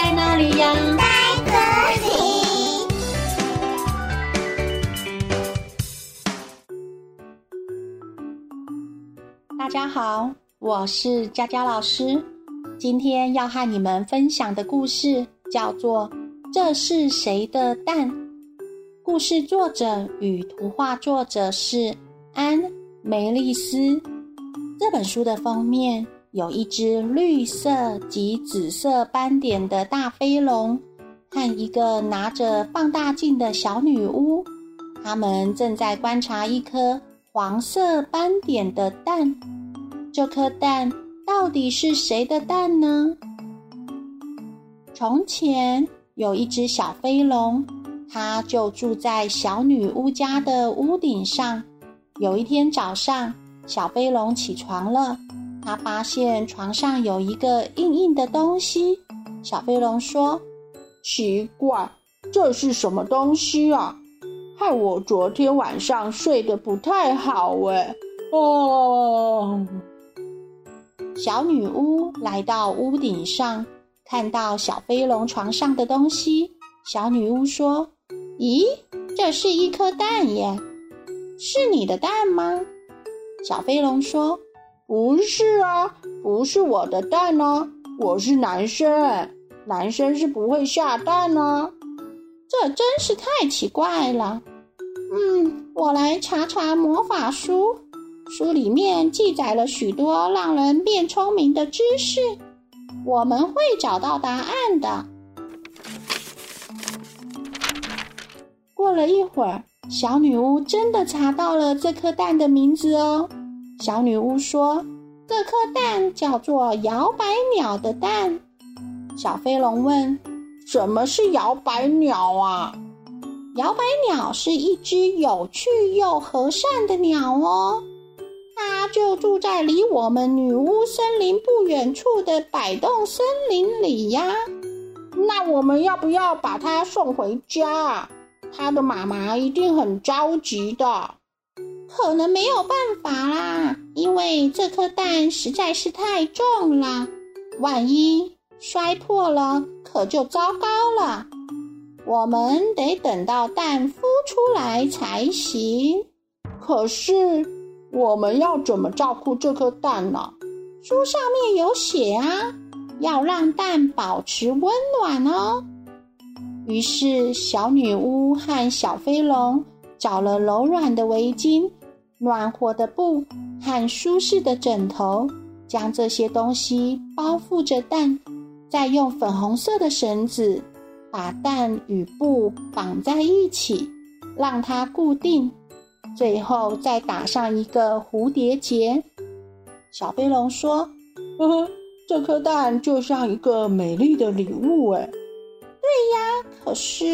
在哪裡呀？在這裡。大家好，我是佳佳老師。今天要和你們分享的故事叫做《這是誰的蛋》。故事作者與圖畫作者是安·梅麗斯。這本書的封面。有一隻綠色及紫色斑點的大飛龍，和一個拿着放大鏡的小女巫，他們正在觀察一顆黃色斑點的蛋。這顆蛋到底是誰的蛋呢？從前有一隻小飛龍，它就住在小女巫家的屋頂上。有一天早上，小飛龍起床了。他發現床上有一個硬硬的東西。小飛龍說：“奇怪，這是什麼東西啊？害我昨天晚上睡得不太好。”哎，哦。小女巫來到屋頂上，看到小飛龍床上的東西。小女巫說：“咦，這是一顆蛋耶，是你的蛋嗎？”小飛龍說。不是啊，不是我的蛋啊，我是男生，男生是不會下蛋啊，這真是太奇怪了。嗯，我來查查魔法書，書裡面記載了許多讓人變聰明的知識，我們會找到答案的。過了一會兒，小女巫真的查到了這顆蛋的名字哦。小女巫說：“這顆蛋叫做搖擺鳥的蛋。”小飛龍問：“什麼是搖擺鳥啊？”搖擺鳥是一隻有趣又和善的鳥哦，它就住在離我們女巫森林不遠處的擺動森林裡呀。那我們要不要把它送回家？它的媽媽一定很着急的。可能沒有辦法啦，因為這顆蛋實在是太重了。萬一摔破了，可就糟糕了。我們得等到蛋孵出來才行。可是，我們要怎麼照顧這顆蛋呢、啊？書上面有寫啊，要讓蛋保持溫暖哦。於是，小女巫和小飛龍找了柔軟的圍巾。暖和的布和舒適的枕頭，將這些東西包覆着蛋，再用粉紅色的繩子把蛋與布綁在一起，讓它固定。最後再打上一個蝴蝶結。小飛龍說：“呵呵，這顆蛋就像一個美麗的禮物。”哎，對呀，可是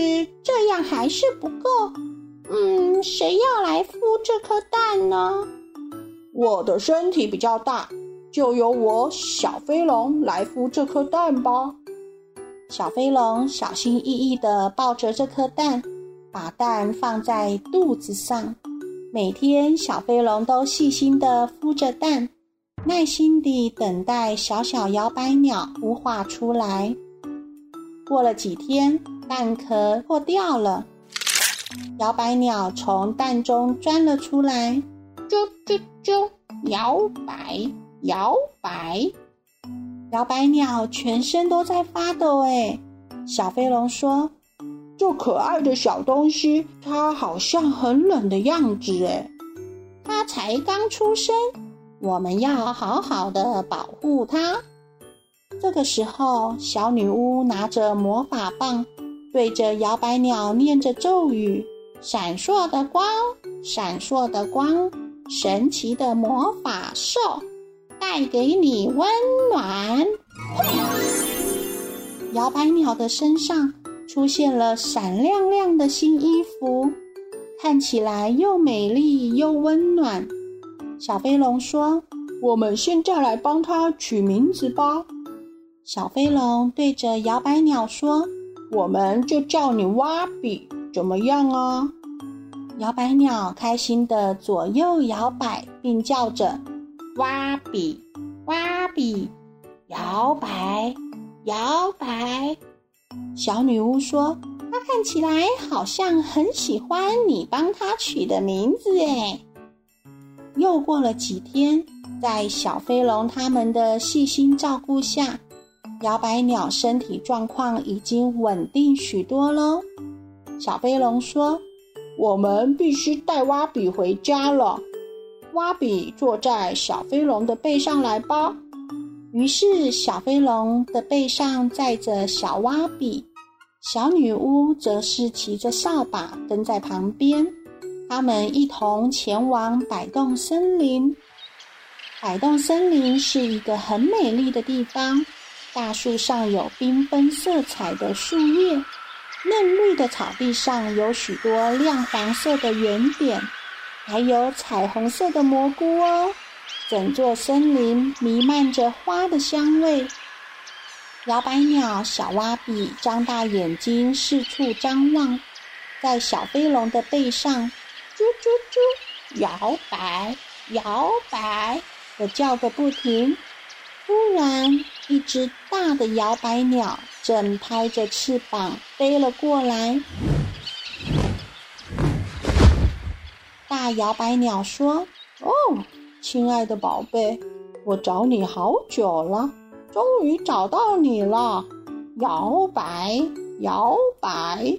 這樣還是不夠。嗯，誰要來孵這顆蛋呢？我的身體比較大，就由我小飛龍來孵這顆蛋吧。小飛龍小心翼翼地抱着這顆蛋，把蛋放在肚子上。每天，小飛龍都細心地孵着蛋，耐心地等待小小搖擺鳥孵化出來。過了幾天，蛋殼破掉了。搖擺鳥從蛋中鑽了出來，啾啾啾，搖擺，搖擺，搖擺，搖擺，搖擺鳥全身都在發抖。哎，小飛龍說：“這可愛的小東西，它好像很冷的樣子。哎，它才剛出生，我們要好好的保護它。”這個時候，小女巫拿着魔法棒。對着搖擺鳥念着咒語，閃爍的光，閃爍的光，神奇的魔法獸，帶給你溫暖。哼搖擺鳥的身上出現了閃亮亮的新衣服，看起來又美麗又溫暖。小飛龍說：“我們現在來幫它取名字吧。”小飛龍對着搖擺鳥說。我們就叫你蛙比怎麼樣啊？搖擺鳥開心地左右搖擺，並叫着：“蛙比，蛙比，搖擺，搖擺。”小女巫說：“她看起來好像很喜歡你幫它取的名字。”誒，又過了幾天，在小飛龍他們的細心照顧下。搖擺鳥身體狀況已經穩定許多咯，小飛龍說：“我們必須帶蛙筆回家了。”蛙筆坐在小飛龍的背上來吧。於是小飛龍的背上載着小蛙筆，小女巫則是騎着掃把跟在旁邊。他們一同前往擺動森林。擺動森林是一個很美麗的地方。大樹上有繽紛色彩的樹葉，嫩綠的草地上有許多亮黃色的圓點，還有彩虹色的蘑菇哦。整座森林彌漫着花的香味。搖擺鳥小蛙比張大眼睛四處張望，在小飛龍的背上，啾啾啾，搖擺搖擺，我叫個不停。突然。一隻大的搖擺鳥正拍着翅膀飛了過來。大搖擺鳥說：“哦，親愛的寶貝，我找你好久了，終於找到你了。搖擺，搖擺。”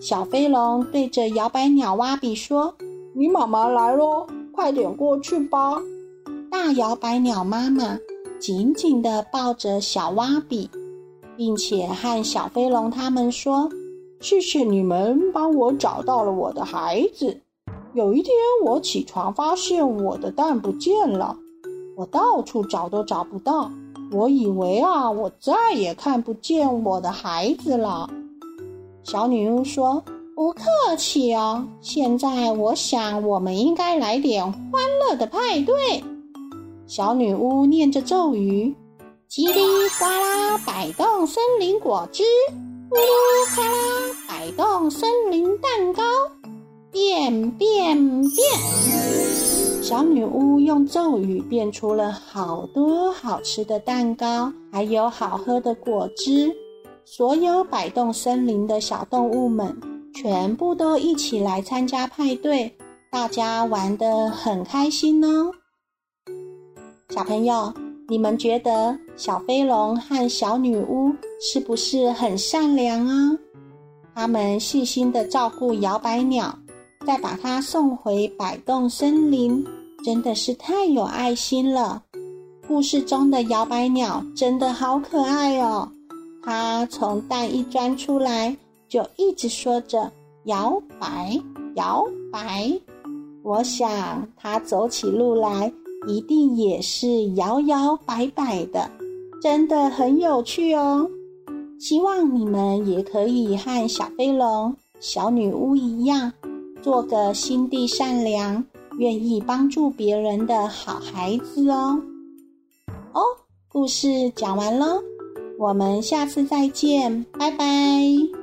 小飛龍對着搖擺鳥哇比說：“你媽媽來嘍，快點過去吧。”大搖擺鳥媽媽。緊緊地抱着小蛙比，並且和小飛龍他們說：“謝謝你們幫我找到了我的孩子。有一天我起床發現我的蛋不見了，我到處找都找不到。我以為啊，我再也看不見我的孩子了。”小女巫說：“不客氣哦。現在我想，我們應該來點歡樂的派對。”小女巫念着咒語，嘰里呱啦擺動森林果汁，咕嚕咔啦擺動森林蛋糕，變變變！小女巫用咒語變出了好多好吃的蛋糕，還有好喝的果汁。所有擺動森林的小動物們，全部都一起來參加派對，大家玩得很開心哦。小朋友，你們覺得小飛龍和小女巫是不是很善良啊？他們細心的照顧搖擺鳥，再把它送回擺動森林，真的是太有愛心了。故事中的搖擺鳥真的好可愛哦，它從蛋一鑽出來就一直說着“搖擺，搖擺”。我想它走起路來，一定也是搖搖擺擺的，真的很有趣哦。希望你們也可以和小飛龍、小女巫一樣，做個心地善良、願意幫助別人的好孩子哦。哦，故事講完嘍，我們下次再見，拜拜。